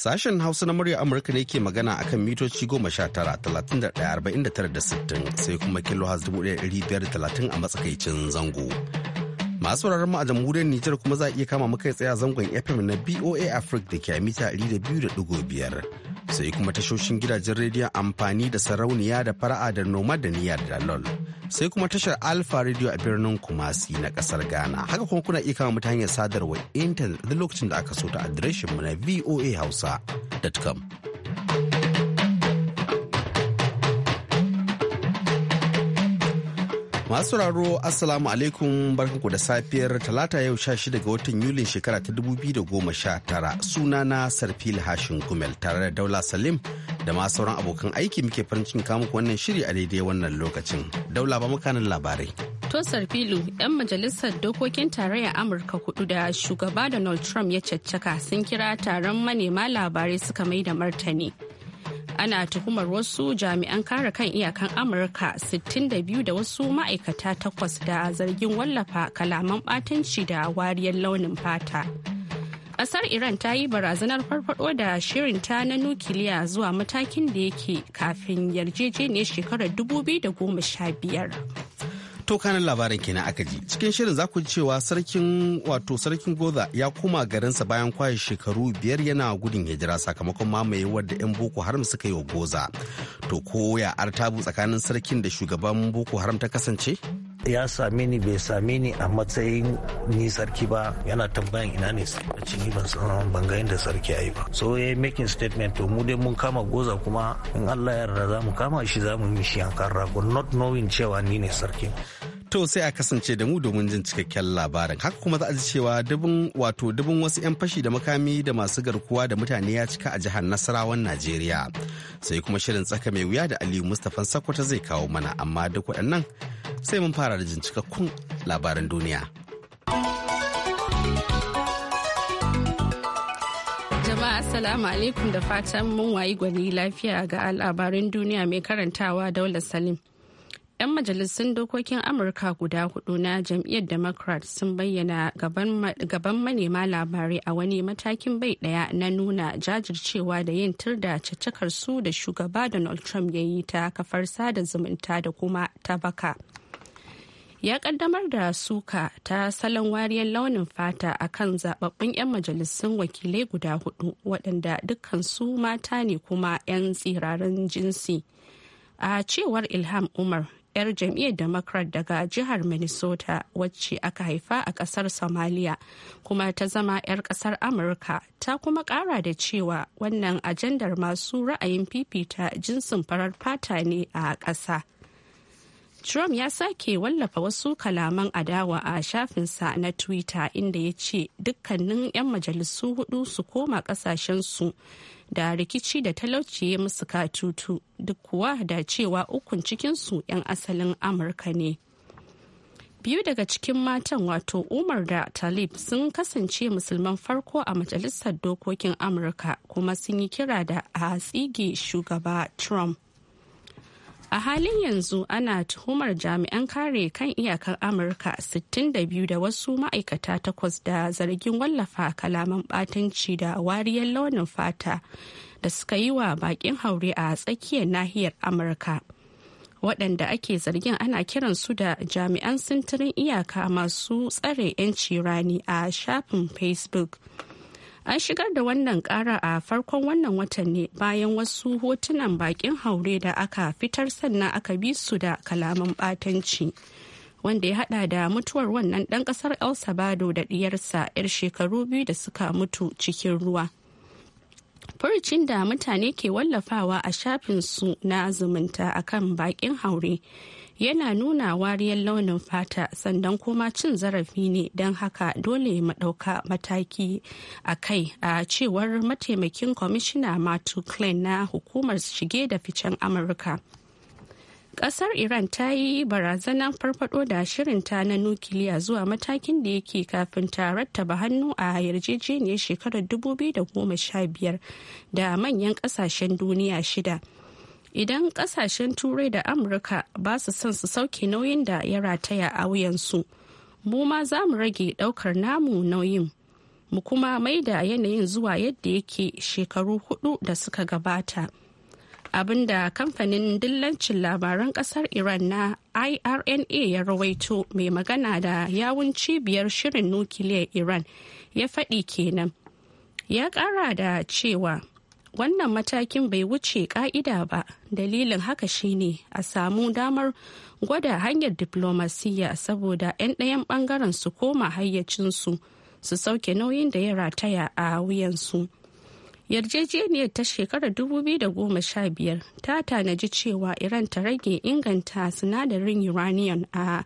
Sashen Hausa na murya Amurka ne ke magana a kan mitoci goma sha tara talatin da ɗaya arba'in da tara da sittin sai kuma kilo dubu ɗaya ɗari a matsakaicin zango. masu mu a jamhuriyar Nijar kuma za a iya kama muka tsaya zangon FM na BOA Africa da ke a mita biyar sai kuma tashoshin gidajen rediyon amfani da sarauniya da fara'a da noma da niyya da lol sai kuma tashar Alpha Radio a birnin Kumasi na kasar Ghana haka kuma kuna iya kama mu ta sadarwar intanet da lokacin da aka so ta adireshin mu na voahausa.com Masu sauraro, Assalamu alaikum barkanku da safiyar talata yau sha 16 ga watan Yulin shekara ta biyu da goma sha tara, suna na Sarfil Hashin Gumel tare da Daula Salim da ma sauran abokan aiki muke farin cikin kamuku wannan shiri a daidai wannan lokacin. Daula ba makanan labarai. To sarfilu 'yan majalisar dokokin tarayya Amurka kudu da shugaba Donald Trump ya caccaka sun kira taron manema labarai suka mai da martani. ana tuhumar wasu jami'an kare kan iyakan amurka 62 da wasu ma'aikata takwas da zargin wallafa kalaman batanci da wariyar launin fata kasar iran ta yi barazanar farfado da shirinta na nukiliya zuwa matakin da yake kafin yarjejeniyar shekarar 2015 To kanan labarin kenan aka ji. Cikin shirin za ku ji cewa sarkin wato sarkin Goza ya koma garinsa bayan kwashe shekaru biyar yana gudun hijira sakamakon mamaye da 'yan Boko Haram suka yi wa Goza. To ko ya artabu tsakanin sarkin da shugaban Boko Haram ta kasance? ya same ni bai same ni a matsayin ni sarki ba yana tambayan ina ne a ni ban san ban ga inda sarki yayi ba so yayi making statement to mu dai mun kama goza kuma in Allah ya yarda za mu kama shi za mu yi shi yankan rago not knowing cewa ni ne sarki To sai a kasance da mu domin jin cikakken labarin. Haka kuma za a ji cewa dubin wato dubun wasu 'yan fashi da makami da masu garkuwa da mutane ya cika a jihar Nasarawan Najeriya. Sai kuma shirin tsaka mai wuya da Aliyu Mustapha Sakwata zai kawo mana amma duk waɗannan sai mun fara da jin cikakkun labaran duniya. Jama'a Assalamu alaikum da fatan mun wayi gwani lafiya ga labarin duniya mai karantawa Daular Salim. 'yan majalisun dokokin amurka guda hudu na jam'iyyar democrat sun bayyana gaban manema labarai a wani matakin bai daya na nuna jajircewa da yin tur da caccakar su da shugaba donald trump ya yi ta kafar sada zumunta da kuma ta baka ya kaddamar da suka ta salon wariyar launin fata a kan zababbun 'yan majalisun wakilai guda hudu waɗanda dukkansu mata ne kuma 'yan tsirarin jinsi a cewar ilham umar 'yar jam'iyyar democrat daga jihar minnesota wacce aka haifa a kasar somalia kuma ta zama 'yar kasar amurka ta kuma kara da cewa wannan ajandar masu ra'ayin fifita jinsin farar fata ne a ƙasa. Trump ya sake wallafa wasu kalaman adawa a shafinsa na Twitter inda ya ce dukkanin 'yan majalisu hudu su koma kasashensu da rikici da talauci ya musu katutu duk kuwa da cewa ukun cikinsu 'yan asalin amurka ne biyu daga cikin matan wato umar da talib sun kasance musulman farko a majalisar dokokin amurka kuma sun yi kira da a tsige shugaba trump a halin yanzu ana tuhumar jami'an kare kan iyakar amurka 62 da wasu ma'aikata takwas da zargin wallafa kalaman batanci da wariyar launin fata da suka yi wa bakin haure a tsakiyar nahiyar amurka waɗanda ake zargin ana kiran su da jami'an sintirin iyaka masu tsare 'yanci rani a shafin facebook An shigar da wannan kara a farkon wannan watan ne bayan wasu hotunan bakin haure da aka fitar sannan aka bi su da kalaman batanci. Wanda ya hada da mutuwar wannan ɗan ƙasar El Sabado da ɗiyarsa 'yar shekaru biyu da suka mutu cikin ruwa. Furucin da mutane ke wallafawa a shafinsu na zumunta akan bakin haure yana nuna wariyar launin fata sannan kuma cin zarafi ne don haka dole mu ɗauka mataki a kai a cewar mataimakin kwamishina matu klein na hukumar shige da ficen amurka kasar iran ta yi barazanar farfado da shirinta na nukiliya zuwa matakin da yake kafin ta rattaba hannu a yarjejeniyar shekarar 2015 da manyan kasashen duniya shida idan kasashen turai da amurka ba su son su sauke nauyin da ya rataya a wuyansu mu ma za mu rage daukar namu nauyin mu kuma mai da yanayin zuwa yadda yake shekaru hudu da suka gabata Abin da kamfanin dillancin labaran kasar iran na irna ya rawaito mai magana da yawun cibiyar shirin nukiliyar iran ya faɗi kenan ya ƙara da cewa wannan matakin bai wuce ka'ida ba dalilin haka shine a samu damar gwada hanyar diplomasiyya saboda 'yan ɗayan bangaren su koma hayyacinsu su sauke nauyin da ya rataya a wuyansu. yarjejeniyar ta shekarar 2015 ta tanaji cewa iran ta rage inganta sinadarin uranium a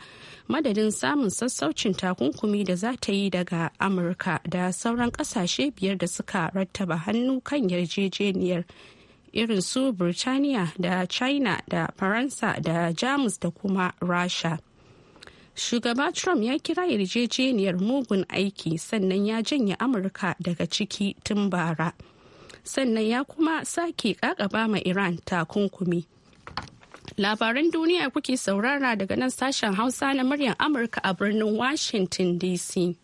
madadin samun sassaucin takunkumi da za ta yi daga amurka da sauran kasashe biyar da suka rattaba hannu kan yarjejeniyar irin su birtaniya da china da faransa da jamus da kuma rasha shugaba trump ya kira yarjejeniyar mugun aiki sannan ya janye amurka daga ciki tun bara. sannan ya kuma sake kakaba ma iran takunkumi labaran duniya kuke saurara daga nan sashen hausa na muryar amurka a birnin washington dc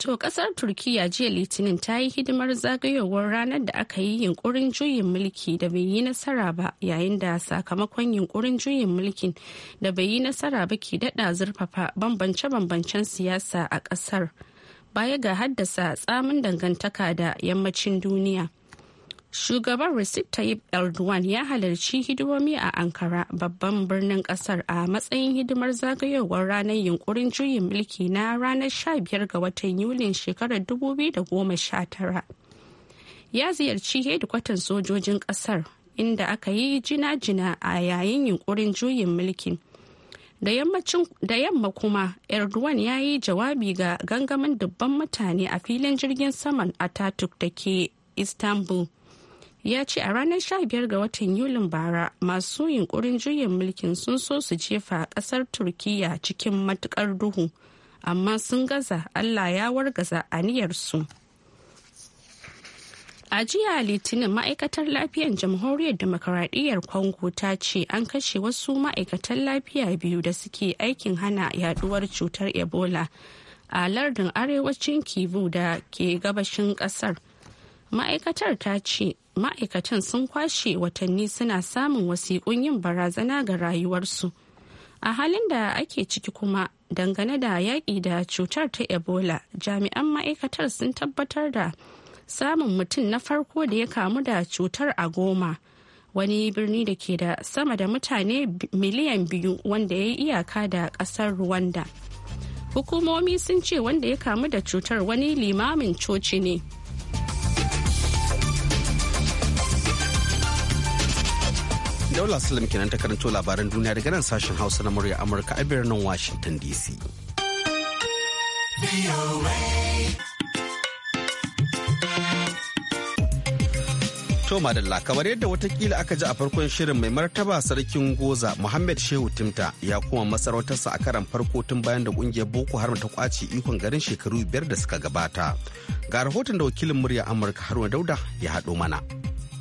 To kasar Turkiyya jiya Litinin ta yi hidimar zagayowar ranar da aka yi yunkurin juyin mulki da bai yi nasara ba yayin da sakamakon yunkurin juyin mulkin da bai yi nasara ba ke daɗa zurfafa bambance-bambancen siyasa a ƙasar. Baya ga haddasa tsamin dangantaka da yammacin duniya. Shugaban Recep Tayyip Erdogan ya halarci hidimomi a Ankara babban birnin kasar a matsayin hidimar zagayowar ranar yunkurin juyin mulki na ranar 15 ga watan Yulin shekarar 2019. Ya ziyarci hedikwatan sojojin kasar inda aka yi jina-jina a yayin yunkurin juyin mulkin. da yamma kuma erdogan ya yi jawabi ga gangamin dubban mutane a filin jirgin saman ataturk da ke istanbul ya ce a ranar 15 ga watan yulin bara masu yunkurin juyin mulkin sun so su jefa kasar turkiya cikin matukar duhu amma sun gaza allah ya wargaza aniyarsu a jiya litinin ma'aikatar lafiyar jamhuriyar demokaradiyyar congo ta ce an kashe wasu ma'aikatan lafiya biyu da suke aikin hana yaduwar cutar ebola a lardin arewacin kivu da ke gabashin kasar ma'aikatar ta ce ma'aikatan sun kwashe watanni suna samun wasiƙun yin barazana ga rayuwarsu a halin da ake ciki kuma dangane da yaƙi da cutar ta ebola jami'an ma'aikatar sun tabbatar da samun mutum na farko da ya kamu da cutar a goma wani birni da ke da sama da mutane miliyan biyu wanda ya yi iyaka da ƙasar rwanda hukumomi sun ce wanda ya kamu da cutar wani limamin coci ne Daula Salim kenan ta karanto labaran duniya daga nan sashen Hausa na murya Amurka a birnin Washington DC. To madalla kamar yadda watakila aka ji a farkon shirin mai martaba sarkin goza Muhammad Shehu Timta ya kuma masarautarsa a karan farko tun bayan da kungiyar Boko Haram ta kwace ikon garin shekaru biyar da suka gabata. Ga rahoton da wakilin murya Amurka Haruna Dauda ya haɗo mana.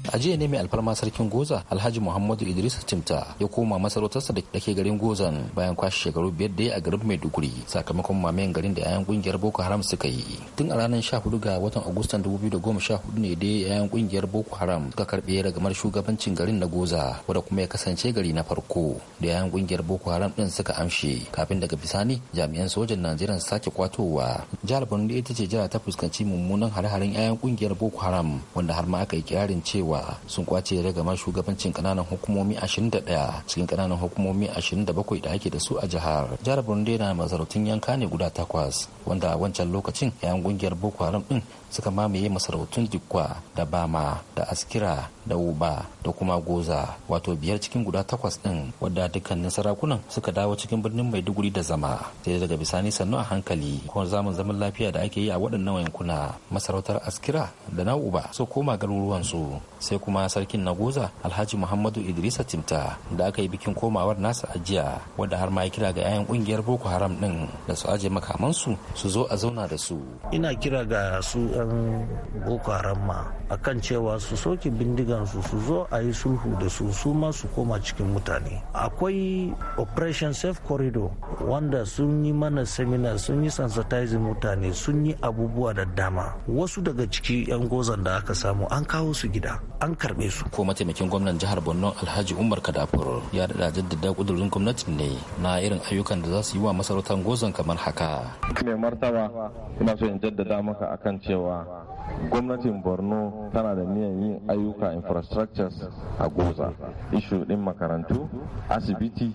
a jiya ne mai alfarma sarkin goza alhaji muhammadu idris timta ya koma masarautarsa da ke garin gozan bayan kwashe shekaru biyar da ya a garin maiduguri sakamakon mamayen garin da yayan kungiyar boko haram suka yi tun a ranar sha hudu ga watan agustan hudu ne da yayan kungiyar boko haram suka karbe ragamar shugabancin garin na goza wanda kuma ya kasance gari na farko da yayan kungiyar boko haram din suka amshe kafin daga bisani jami'an sojan najeriya sake kwatowa jihar borno ita ce jihar ta fuskanci mummunan hare-haren yayan kungiyar boko haram wanda har ma aka yi kirarin cewa ba sun kwace ma shugabancin kananan hukumomi 21 cikin kananan hukumomi 27 da ake da su a jihar jihar burundi na masarautun yanka ne guda takwas wanda wancan lokacin yayan kungiyar boko haram din suka mamaye masarautun dikwa da bama da askira da uba da kuma goza wato biyar cikin guda takwas din wadda dukkanin sarakunan suka dawo cikin birnin maiduguri da zama sai daga bisani sannu a hankali kuma zamun zaman lafiya da ake yi a waɗannan yankuna masarautar askira da na uba su koma garuruwansu sai kuma sarkin naguza alhaji muhammadu idrisa timta da aka yi bikin komawar nasa a jiya wanda har ma ya kira ga 'ya'yan kungiyar boko haram din da su aje makamansu su zo a zauna da su ina kira ga su 'yan boko haram ma akan cewa su soke bindigan su su zo a yi sulhu da su su ma su koma cikin mutane akwai operation safe corridor wanda sun yi mana seminar sun yi sensitizing mutane sun yi abubuwa da dama wasu daga ciki 'yan gozan da aka samu an kawo su gida an karbe su ko mataimakin gwamnan jihar borno alhaji umar kadafur ya da jaddada kudurin gwamnati ne na irin ayyukan da za su yi wa masarautar gozon kamar haka mai martaba ina so in jaddada maka akan cewa gwamnatin borno tana da niyan yin ayyuka infrastructures a goza ishu din makarantu asibiti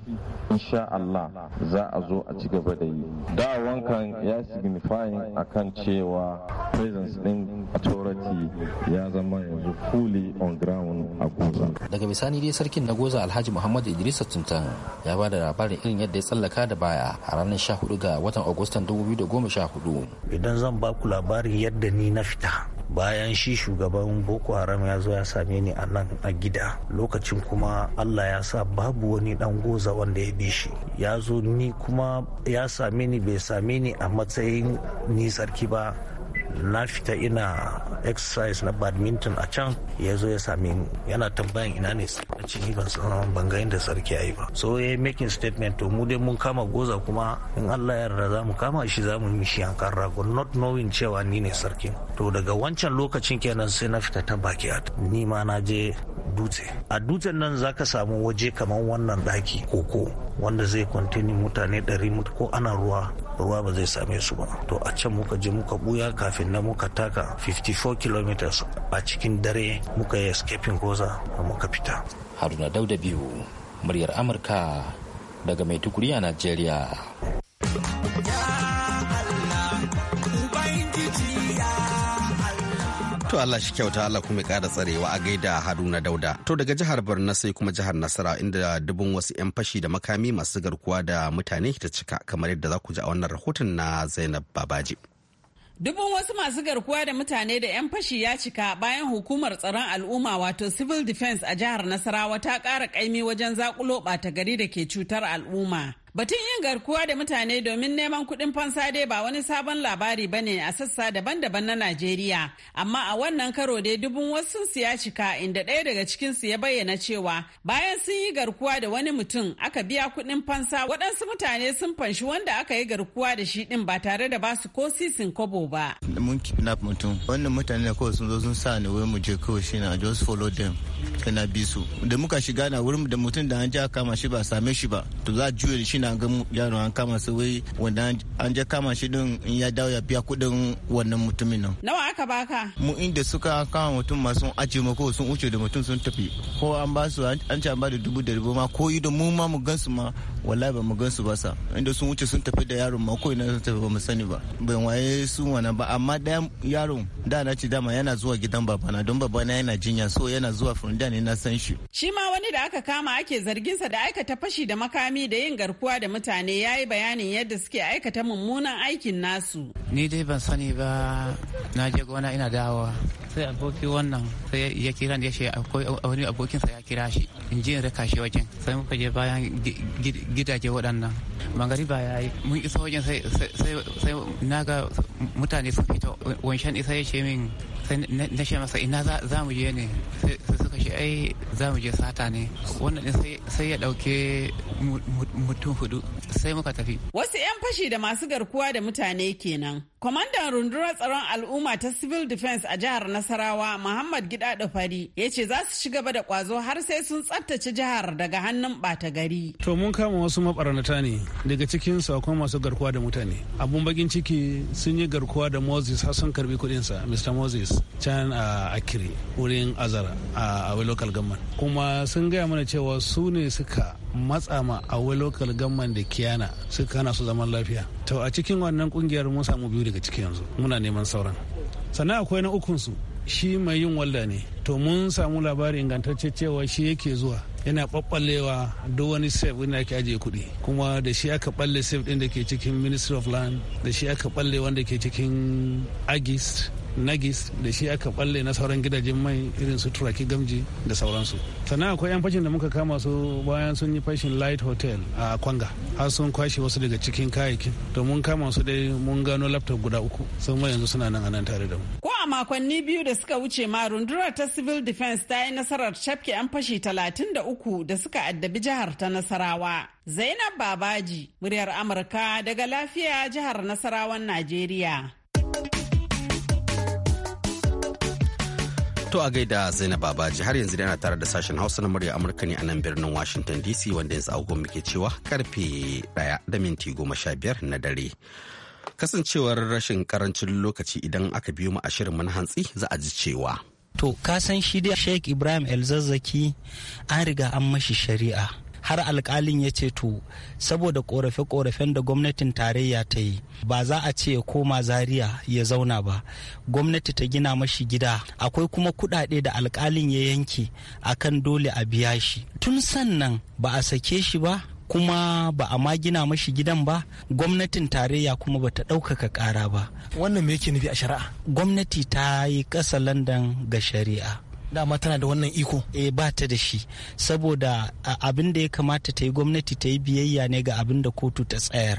insha allah za a zo a ci gaba da yi da wankan ya signifying akan cewa presence din authority ya zama yanzu fully on ground a goza daga bisani dai sarkin na goza alhaji muhammad idris tuntan ya ba da labarin irin yadda ya tsallaka da baya a ranar 14 ga watan agustan 2014 idan zan ba ku labarin yadda ni na fita bayan shi shugaban boko haram ya zo ya same ni a nan a gida lokacin kuma allah ya sa babu wani dan goza wanda ya bi shi ya zo ni kuma ya same ni bai same ni a matsayin ni sarki ba na fita ina exercise na badminton a can ya zo ya sami yana tambayan ina ne sarki ni ban san ban ga inda sarki yayi ba so ya yi making statement to mu dai mun kama goza kuma in Allah ya yarda za mu kama shi za mu mishi yankan rago not knowing cewa ni ne sarki to daga wancan lokacin kenan sai na fita ta baki ni ma na je dutse a dutsen nan zaka samu waje kamar wannan daki koko wanda zai kwantini mutane 100 ko ana ruwa ruwa ba zai same su ba to a can muka je muka buya kafin na muka taka 54 km a cikin dare muka yi escaping goza muka fita haruna dauda muryar amurka daga maiduguri a nigeria. To Allah shi kyauta Allah kuma kara tsarewa a gaida Haruna Dauda. To daga jihar Borno sai kuma jihar Nasara inda dubun wasu 'yan fashi da makami masu garkuwa da mutane ta cika kamar yadda za ku ji a wannan rahoton na Zainab Babaji. Dubun wasu masu garkuwa da mutane da 'yan fashi ya cika bayan hukumar tsaron al'umma wato civil defense a jihar Nasarawa ta ƙara kaimi wajen zakulo ɓata gari da ke cutar al'umma. Batun yin garkuwa da mutane domin neman kuɗin fansa dai ba wani sabon labari ba ne a sassa daban-daban na Najeriya. Amma a wannan karo dai dubun wasu ya cika inda ɗaya daga cikinsu ya bayyana cewa bayan sun yi garkuwa da wani mutum aka biya kuɗin fansa waɗansu mutane sun fanshi wanda aka yi garkuwa da shi ɗin ba tare da basu ko sisin kobo ba. Mun kidnap mutum. Wannan mutane kawai sun zo sun sa ni wai mu je kawai shi na just follow them. na bi da muka shiga na wurin da mutum da an ja kama shi ba same shi ba to za juya shi na ga yaro an kama su wai wanda an ja kama shi din in ya dawo ya biya kudin wannan mutumin nan nawa aka baka mu inda suka kama mutum ma sun aje mu ko sun wuce da mutum sun tafi ko an ba su an ci an ba da dubu da dubu ma ko idan mu ma mu gansu ma wallahi ba mu gansu ba sa inda sun wuce sun tafi da yaron ma ko ina sun tafi ba mu sani ba ban waye su wana ba amma ɗayan yaron da na ci dama yana zuwa gidan babana don babana yana jinya so yana zuwa from da ne na san shi. Shi ma wani da aka kama ake zarginsa da aikata fashi da makami da yin garkuwa da mutane ya yi bayanin yadda suke aikata mummunan aikin nasu. Ni dai ban sani ba na je gona ina dawowa. sai aboki wannan sai ya kira ya ce wani abokinsa ya kira shi in ji in raka shi wajen sai muka je bayan gidaje waɗannan magariba ya yi mun isa wajen sai na ga mutane sun fito wancan isa ya ce min na ce masa ina za ne suka ce ai za sata ne wannan sai ya dauke mutum hudu sai muka tafi wasu 'yan fashi da masu garkuwa da mutane kenan kwamandan rundunar tsaron al'umma ta civil defense a jihar nasarawa muhammad gida da fari ya ce za su ci gaba da kwazo har sai sun tsabtace jihar daga hannun bata gari to mun kama wasu mabarnata ne daga cikin sakon masu garkuwa da mutane abun bakin ciki sun yi garkuwa da moses har sun karbi kudinsa mr moses can a akiri wurin azara a awai local government kuma sun gaya mana cewa su ne suka matsa ma awai local government da kiyana suka hana su zaman lafiya to a cikin wannan kungiyar mun samu biyu daga ciki yanzu muna neman sauran sannan akwai na ukunsu shi mai yin walda ne to mun samu labari ingantacce cewa shi yake zuwa yana ɓaɓɓallewa duk wani safe wanda ake ajiye kuɗi kuma da shi aka ɓalle safe ɗin da ke cikin ministry of land da shi aka ɓalle wanda ke cikin agist nagis da shi aka balle na sauran gidajen mai irin su turaki gamji da sauransu sannan akwai yan fashin da muka kama su bayan sun yi fashin light hotel a kwanga har sun kwashe wasu daga cikin kayayyakin domin kama su dai mun gano laptop guda uku sun yanzu suna nan anan tare da mu ko a makonni biyu da suka wuce ma rundunar ta civil defense ta yi nasarar shafke yan fashi talatin da uku da suka addabi jihar ta nasarawa zainab babaji muryar amurka daga lafiya jihar nasarawan najeriya To a gaida Zainab Babaji har yanzu ana tare da sashen Hausa na murya Amurka ne a nan birnin Washington DC wanda yanzu agogon muke cewa karfe 1 da minti 15 na dare. Kasancewar rashin karancin lokaci idan aka biyo mu a shirin mana hantsi za a ji cewa. To kasan shi dai Sheikh Ibrahim El Zazzaki an riga an mashi shari'a. har alkalin ya ce to saboda korafe-korafen da gwamnatin tarayya ta yi ba za a ce ya koma zaria ya zauna ba gwamnati ta gina mashi gida akwai kuma kuɗaɗe da alkalin ya yanke akan dole a biya shi tun sannan ba a sake shi ba kuma ba a ma gina mashi gidan ba gwamnatin tarayya kuma ba ta ɗaukaka ƙara ba wannan me yake nufi a shari'a gwamnati ta yi ƙasa landan ga shari'a dama tana da wannan iko e ba ta da shi saboda abin da ya kamata ta yi gwamnati ta yi biyayya ne ga abin da kotu ta tsayar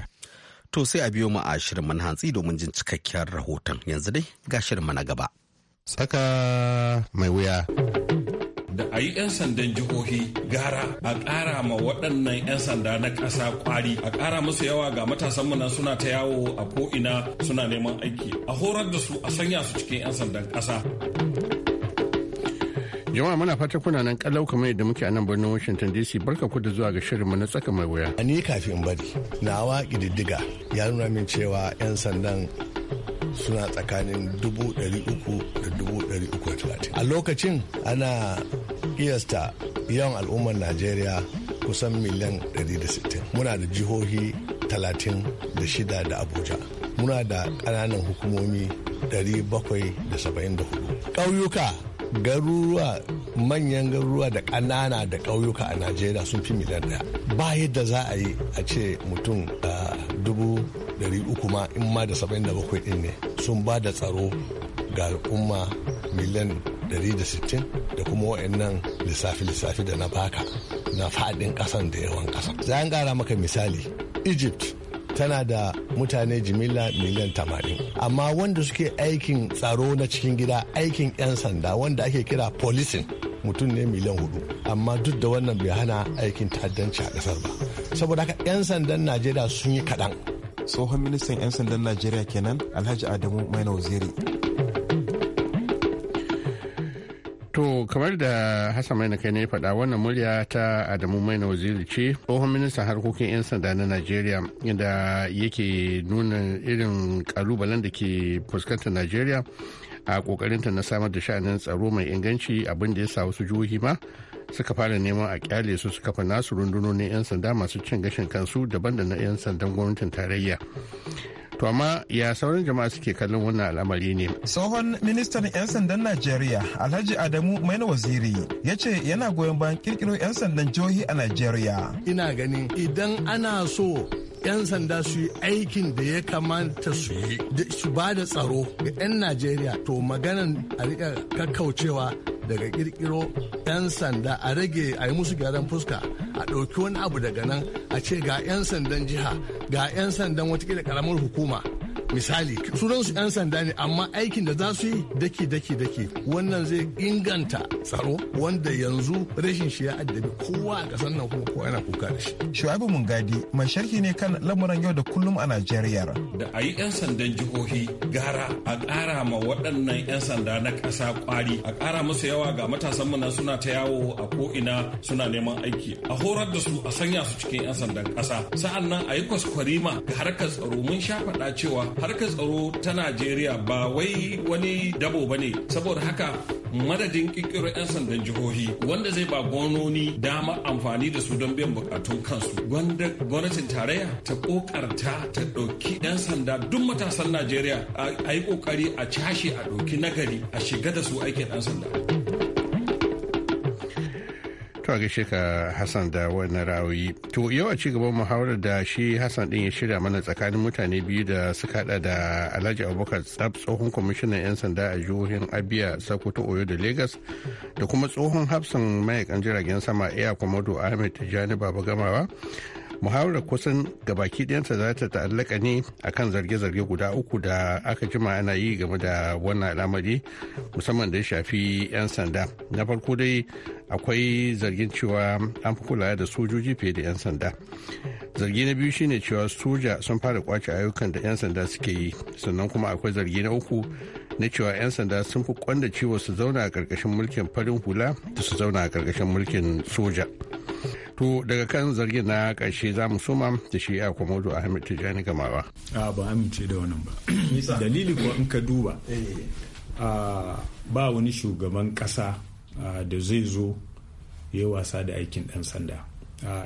to sai a biyo mu a shirin mana hantsi domin jin cikakken rahoton yanzu dai ga shirin mana gaba tsaka mai wuya da a yi 'yan sandan jihohi gara a ƙara ma waɗannan 'yan sanda na ƙasa kwari a ƙara musu yawa ga matasan nan suna ta yawo a ko'ina suna neman aiki a horar da su a sanya su cikin 'yan sandan ƙasa Jama'a muna fata kuna nan kalau kamar yadda muke a nan birnin Washington DC barka ku da zuwa ga shirin mu na tsaka mai wuya. Ni kafin bari na waƙi diddiga ya nuna min cewa 'yan sandan suna tsakanin uku da 330. A lokacin ana iyasta yawan al'ummar Najeriya kusan miliyan 160. Muna da jihohi 36 da Abuja. Muna da ƙananan hukumomi 774. Ƙauyuka garuruwa manyan garuruwa da ƙanana da ƙauyuka a najeriya sun fi miliyan ɗaya ba yadda za a yi a ce mutum dubu dari uku ma in ma da saba'in da bakwai ɗin ne sun ba da tsaro ga al'umma miliyan dari da sittin da kuma waɗannan lissafi-lissafi da na baka na faɗin ƙasan da yawan ƙasa. Za an gara maka misali, Egypt tana da mutane jimila miliyan tamanin amma wanda suke aikin tsaro na cikin gida aikin 'yan sanda wanda ake kira policing mutum ne miliyan hudu amma duk da wannan bai hana aikin ta'addanci a kasar ba saboda haka 'yan sandan najeriya sun yi kaɗan tsohon ministan 'yan sandan najeriya kenan alhaji adamu maina waziri To kamar da Hassan Maina kai ne faɗa wannan murya ta Adamu Maina Waziri ce tsohon ministan harkokin 'yan sanda na Najeriya inda yake nuna irin kalubalen da ke fuskantar Najeriya a kokarinta na samar da sha'anin tsaro mai inganci abin da ya sa wasu jihohi ma suka fara neman a kyale su suka fa nasu rundunonin 'yan sanda masu cin gashin kansu daban da na 'yan sandan gwamnatin tarayya. To amma ya sauran jama'a suke kallon wannan al'amari ne. Tsohon ministan 'yan sandan Najeriya Alhaji Adamu Maina Waziri ya ce yana goyon bayan kirkiro 'yan sandan jihohi a Najeriya. Ina ganin idan ana so 'yan sanda su yi aikin da ya kamata su yi su ba da tsaro ga 'yan najeriya to maganan a rika kakkaucewa daga kirkiro 'yan sanda a rage a yi musu gyaran fuska a ɗauki wani abu daga nan a ce ga 'yan sandan jiha ga 'yan sandan watakila ƙaramar hukuma misali sunan 'yan sanda ne amma aikin da za su yi daki daki daki wannan zai inganta tsaro wanda yanzu rashin shi ya addabi kowa a kasar nan kuma kowa yana kuka da shi mun gadi mai sharhi ne kan lamuran yau da kullum a najeriya da a yi 'yan sandan jihohi gara a ƙara ma waɗannan 'yan sanda na ƙasa ƙwari a kara musu yawa ga matasan mu suna ta yawo a ko'ina suna neman aiki a horar da su a sanya su cikin 'yan sandan ƙasa sa'an nan a yi kwaskwarima ga harkar tsaro mun sha faɗa cewa harkar tsaro ta najeriya ba wai wani dabo ba ne saboda haka madadin kirkiro 'yan sandan jihohi wanda zai ba gononi dama amfani da su don biyan bukatun kansu wanda gwamnatin tarayya ta kokarta ta ɗauki 'yan sanda duk matasan najeriya a yi kokari a cashe a ɗauki nagari a shiga da su aikin 'yan sanda a gaishe ka Hassan da wannan ra'ayi To yau a gaban muhawarar da shi Hassan din ya shirya mana tsakanin mutane biyu da suka hada da Alhaji Abubakar Tsab tsohon kwamishinan 'yan sanda a jihohin Abia, Sokoto, Oyo da Lagos da kuma tsohon hafsan mayakan jiragen sama Air Commodore Ahmed Tijjani Baba Gamawa muhawarar kusan gabaki ɗayansa za ta ta'allaka ne akan zarge-zarge guda uku da aka jima ana yi game da wannan al'amari musamman da ya shafi 'yan sanda na farko dai akwai zargin cewa an fi kula da sojoji fiye da 'yan sanda zargi na biyu shine cewa soja sun fara kwace ayyukan da 'yan sanda suke yi sannan kuma akwai zargi na uku na cewa 'yan sanda sun fi kwanda ciwo su zauna a ƙarƙashin mulkin farin hula da su zauna a ƙarƙashin mulkin soja to daga kan zargin na ƙarshe za mu suma da shi a zuwa ahmed tijjani gamawa a ba amince da wannan ba dalili ko in ka duba ba wani shugaban ƙasa da zai zo ya wasa da aikin ɗan sanda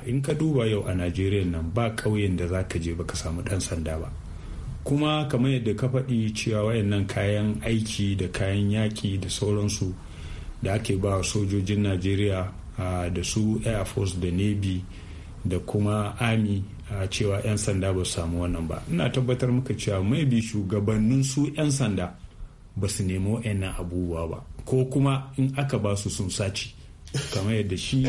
in ka duba yau a najeriya nan ba ƙauyen da za ka je ba ka samu ɗan sanda ba kuma kamar yadda ka faɗi cewa wayannan kayan aiki da kayan yaƙi da sauransu da ake ba sojojin najeriya da su air force da navy da kuma army a cewa 'yan sanda ba su samu wannan ba ina tabbatar muka cewa mai bi shugabannin su 'yan sanda ba su nemo wa'annan abubuwa ba ko kuma in aka ba su sun sace kamar yadda shi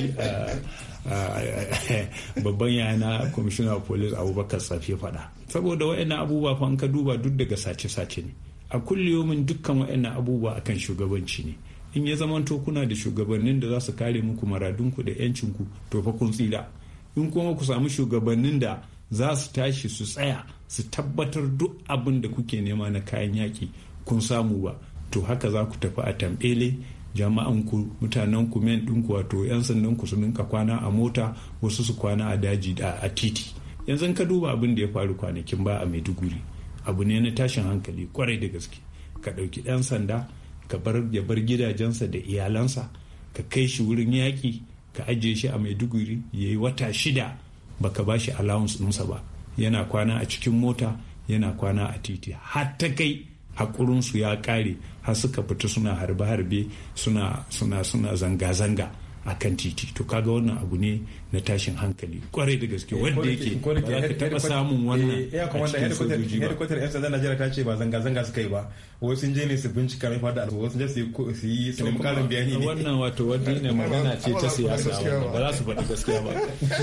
babban yana of police abubakar safi faɗa saboda wa'annan abubuwa fa ka duba duk daga sace-sace ne a kulliyomin dukkan wa'annan abubuwa akan shugabanci ne in ya zama to kuna da shugabannin da za su kare muku maradunku da yancinku to fa kun tsira in kuma ku samu shugabannin da za su tashi su tsaya su tabbatar duk abin da kuke nema na kayan yaki kun samu ba to haka za ku tafi a tambele jama'anku mutanenku men ɗinku wato 'yan ku su ninka kwana a mota wasu su kwana a daji da a titi yanzu ka duba abin da ya faru kwanakin ba a maiduguri abu ne na tashin hankali kwarai da gaske ka ɗauki 'yan sanda ka bar ya bar gidajensa da iyalansa ka kai shi wurin yaƙi ka ajiye shi a maiduguri ya yi wata shida baka ba shi allowance ɗinsa ba yana kwana a cikin mota yana kwana a titi har ta kai haƙurinsu ya ƙare har suka fita suna harbe-harbe suna suna zanga-zanga a kan titi to kaga wannan abu ne na tashin hankali kwarai da gaske eh, wanda yake ba ka taba samun wannan eh, a cikin sojoji ba headquarter yan sandan Najeriya ta ce ba zanga zanga su yi ba wasu sun je ne su bincika mai fada alfa wasu je su yi su nemi karin bayani ne wannan wato wanda ne magana ce ta siyasa ba za su faɗi gaskiya ba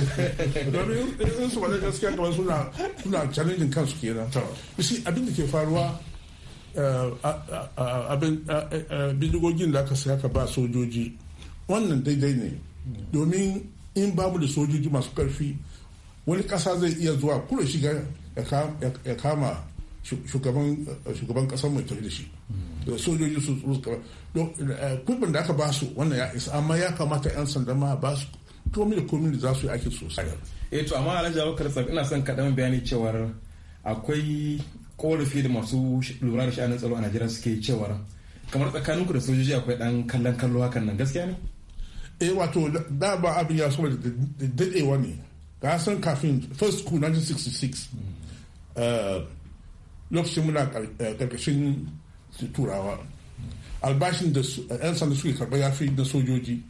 domin in su faɗi gaskiya kamar suna suna challenging kansu kenan to shi abin da ke faruwa eh, bindigogin da aka saya ka ba sojoji wannan daidai ne domin in babu da sojoji masu karfi wani kasa zai iya zuwa kura shiga ya kama shugaban kasar eh, mai tafi da shi da sojoji su kubin eh, da aka ba su wannan ya isa amma ya kamata 'yan sanda ma ba su komi da komi da za su yi aikin sosai eh to amma alhaji abubakar tsaf ina son kaɗan bayani cewar akwai korafi da masu lura da sha'anin tsaro a najeriya suke cewar kamar tsakaninku da sojoji akwai ɗan kallon kallo hakan nan gaskiya ne eh wato da ba abin ya da dadewa ne ga san kafin first school eh, 1966 lokacin muna eh, karkashin turawa albashin da eh, 'yan sanda suke karba ya fi na sojoji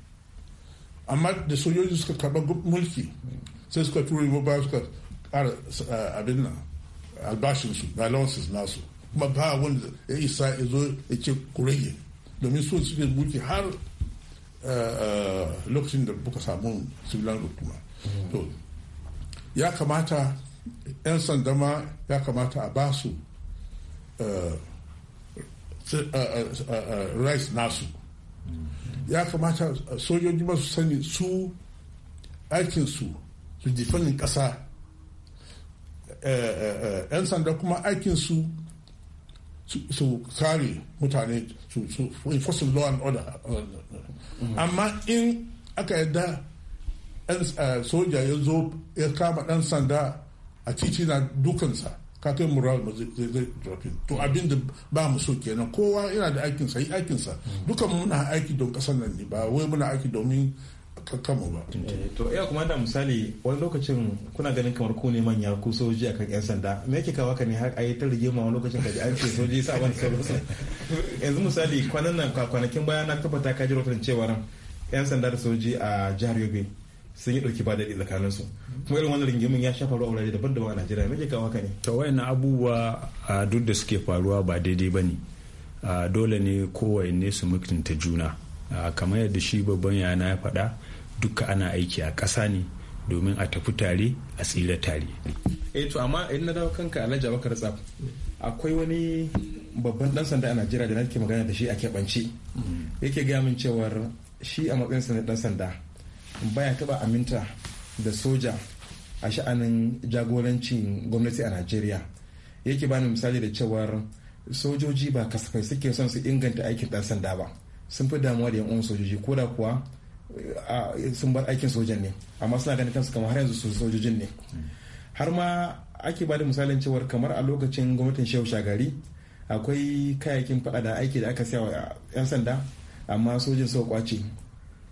amma da sojoji suka karba mulki sai suka yi ba suka kara abin nan da allowances nasu kuma ba wanda ya isa ya zo ya ce kurege domin su suke mulki har Eh, eh, lokacin da buka samu civilian rukuma mm. to ya kamata 'yan sanda ma ya kamata a basu eh, su nasu mm. ya kamata sojoji ma su sani su aikinsu su jifanin kasa 'yan sanda kuma aikinsu su kare mutane su enforcing law and order amma in aka yadda yan eh, soja ya zo ya kama ɗan sanda a titi na dukansa kakai mural ba zai dropping to abin da ba mu so kenan kowa yana da aikinsa yi aikinsa dukan muna aiki don ƙasar nan ne ba wai muna aiki domin kanmu ba. Eh, to kuma da misali wani lokacin kuna ganin kamar ku ne manya ku soji a kan 'yan sanda me yake kawo ka ne har ayi ta ma wani lokacin ka ji an ce soji sa ban sauransu. Yanzu misali kwanan nan kwanakin baya na tabbata ka ji rahoton cewa 'yan sanda da soji a jihar Yobe sun yi ɗauki ba daɗi tsakanin su kuma irin wannan rigimin ya shafa ruwa wurare daban-daban a Najeriya me yake kawo ka ne. To wayannan abubuwa duk da suke faruwa ba daidai ba ne dole ne ne su mutunta juna kamar yadda shi babban yana ya faɗa duka ana aiki a ƙasa ne domin a tafi tare a tsira tare. eh to amma in na dawo kanka alhaji abakar tsaf akwai wani babban dan sanda a najeriya da na nake magana da shi a keɓance yake gaya min cewar shi a matsayinsa na dan sanda baya taba aminta da soja a sha'anin jagorancin gwamnati a najeriya yake bani misali da cewar sojoji ba kasafai suke son su inganta aikin dan sanda ba sun fi damuwa da yan uwan sojoji ko da kuwa sun bar aikin sojan ne amma suna ganin kansu kamar har yanzu su sojojin ne har ma ake ba da misalin cewar kamar a lokacin gwamnatin shehu shagari akwai kayayyakin fada da aiki da aka siya wa 'yan sanda amma sojin sau kwace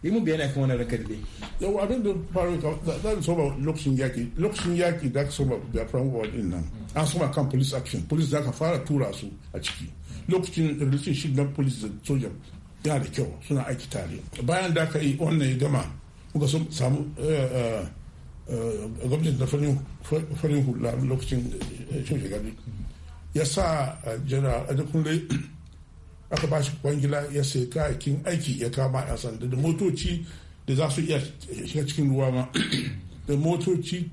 yi mu biyana kan wannan rakar dai yau abin da faru da da so ba lokacin yaki lokacin yaki da so ba da from war din nan an so kan police action police za ka fara tura su a ciki lokacin shi na police da sojan yana da kyau suna aiki tare bayan da aka yi wannan ya gama muka sun samu eh, eh, gwamnati da farin hula lokacin eh, shugaban gari ya sa jana rai aka ba shi kwangila ya sai kayakin aiki ya kama a sanda da motoci da za su iya shiga cikin ruwa ma da motoci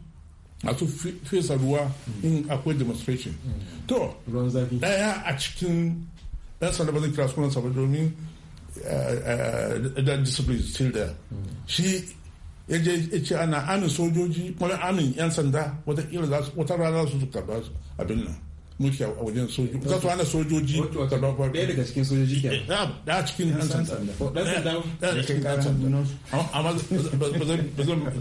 a su fesa ruwa in akwai demonstration mm. to daya a cikin ɗan sanda ba zai kira sunansa ba domin dan uh, uh, uh, discipline still there shi ya je ya ce ana amin sojoji kuma amin yan sanda wata rana za su karba abin nan mulki a wajen soji za su hana sojoji talafar ɗaya daga cikin sojoji ke da cikin ɗan sanda ɗan sanda ɗan cikin ɗan sanda amma ba zan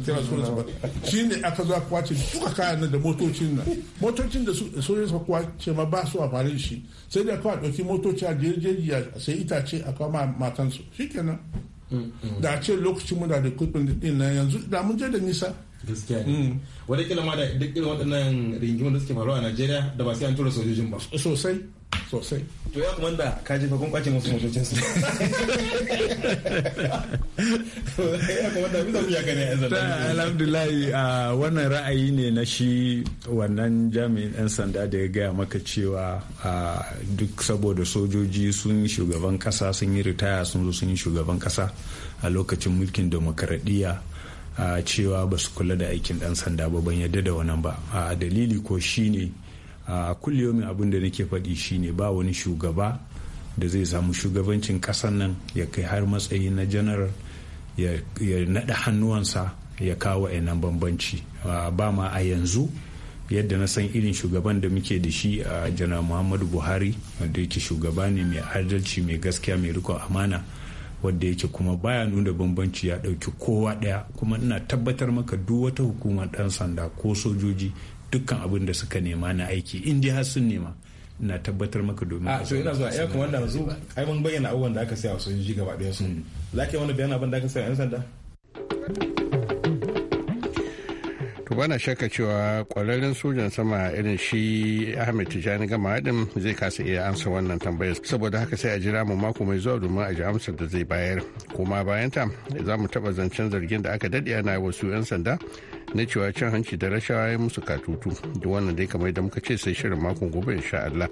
kira su ba shi ne aka zo kwace duka kayan nan da motocin nan motocin da sojoji suka kwace ma ba su a farin shi sai da kawai ɗauki motoci a jirgin a sai itace a kama matansu shi kenan mm, mm. da a ce lokacin muna da kudin din nan yanzu da mun je da nisa gaskiya ne mm. wani kila ma da duk irin waɗannan rigimar da suke faruwa a najeriya da ba sai an tura sojojin ba sosai sosai to ya kuma da ka jefa kun kwace musu motocin su ya kuma da bisa ya gane yan sanda alhamdulillah wannan ra'ayi ne na shi wannan jami'in yan sanda da ya gaya maka cewa duk saboda sojoji sun yi shugaban kasa sun yi ritaya sun zo sun yi shugaban kasa a lokacin mulkin demokaradiyya a cewa ba su kula da aikin dan sanda ba ban yadda da wannan ba a dalili ko shine a kulliyomin abin da nake faɗi shine ba wani shugaba da zai samu shugabancin ƙasar nan ya kai har matsayi na janaral ya naɗa hannuwansa ya kawo nan bambanci ba ma a yanzu yadda na san irin shugaban da muke da shi a janar muhammadu buhari wanda yake shugaba ne mai adalci mai gaskiya mai rikon amana wanda yake kuma baya nuna bambanci ya ɗauki kowa ɗaya kuma ina tabbatar maka duk wata hukumar ɗan sanda ko sojoji dukkan abin da suka nema na aiki in dai har sun nema ina tabbatar maka domin a to ina zuwa ya kuma wanda zu ai mun bayyana abubuwan da aka sai a sojoji gaba ɗaya su hmm. zaka yi wani bayanin abin da aka a yan sanda to bana shakka cewa kwararren sojan sama irin shi ahmed tijani gama haɗin zai kasa iya amsa wannan tambayar saboda haka sai a jira mu mako mai zuwa domin a ji amsar da zai bayar kuma bayanta ta za mu taɓa zancen zargin da aka daɗe ana wasu 'yan sanda na cewa cin hanci da rashawa ya musu katutu da wannan dai kamar da muka ce sai shirin makon gobe insha Allah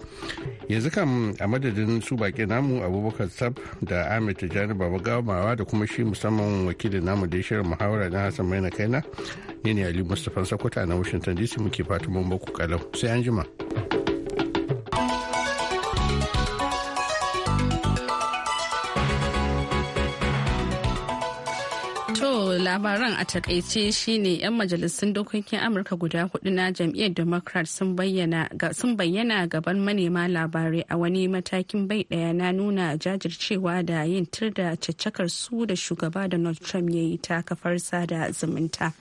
yanzu kam a madadin su baki namu abubakar sab da ahmed tijjani baba gamawa da kuma shi musamman wakilin namu da ya shirin muhawara na hassan maina kaina ne ne ali mustapha sakwata na washington dc muke fatan mun baku kalau sai an jima. labaran a takaice shine 'yan majalisun dokokin amurka guda hudu na jam'iyyar democrat sun bayyana gaban manema labarai a wani matakin bai daya na nuna jajircewa da yin tir da caccakar su da shugaba donald trump ya yi ta kafar da zumunta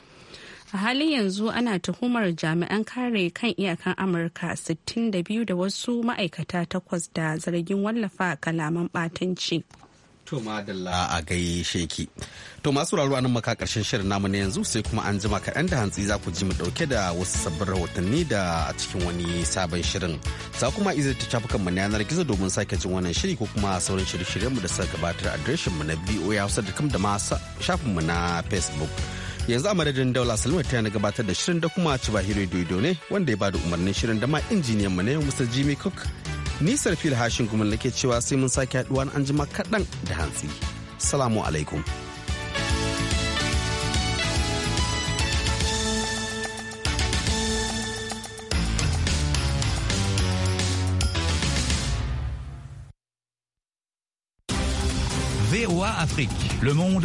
a halin yanzu ana tuhumar jami'an kare kan iyakan amurka 62 da wasu ma'aikata takwas da zargin wallafa kalaman batanci To madalla a gaishe sheki. To masu raro nan maka karshen shirin namu na yanzu sai kuma an jima kaɗan da hantsi za ku ji mu ɗauke da wasu sabbin rahotanni da a cikin wani sabon shirin. Za kuma ma ta shafukan mu na yanar gizo domin sake jin wannan shiri ko kuma sauran shirye-shiryen mu da suka gabatar adireshin mu na hausa da ma shafin mu na Facebook. Yanzu a madadin Daula Salma ta na gabatar da shirin da kuma Ciba Dodo ne wanda ya ba da umarnin shirin da ma injiniyan mu na yau Mr. Jimmy Cook. nisar fil hashin kuma nake cewa sai mun sake haɗuwa an jima kaɗan da hantsi salamu alaikum VOA Afrique, le monde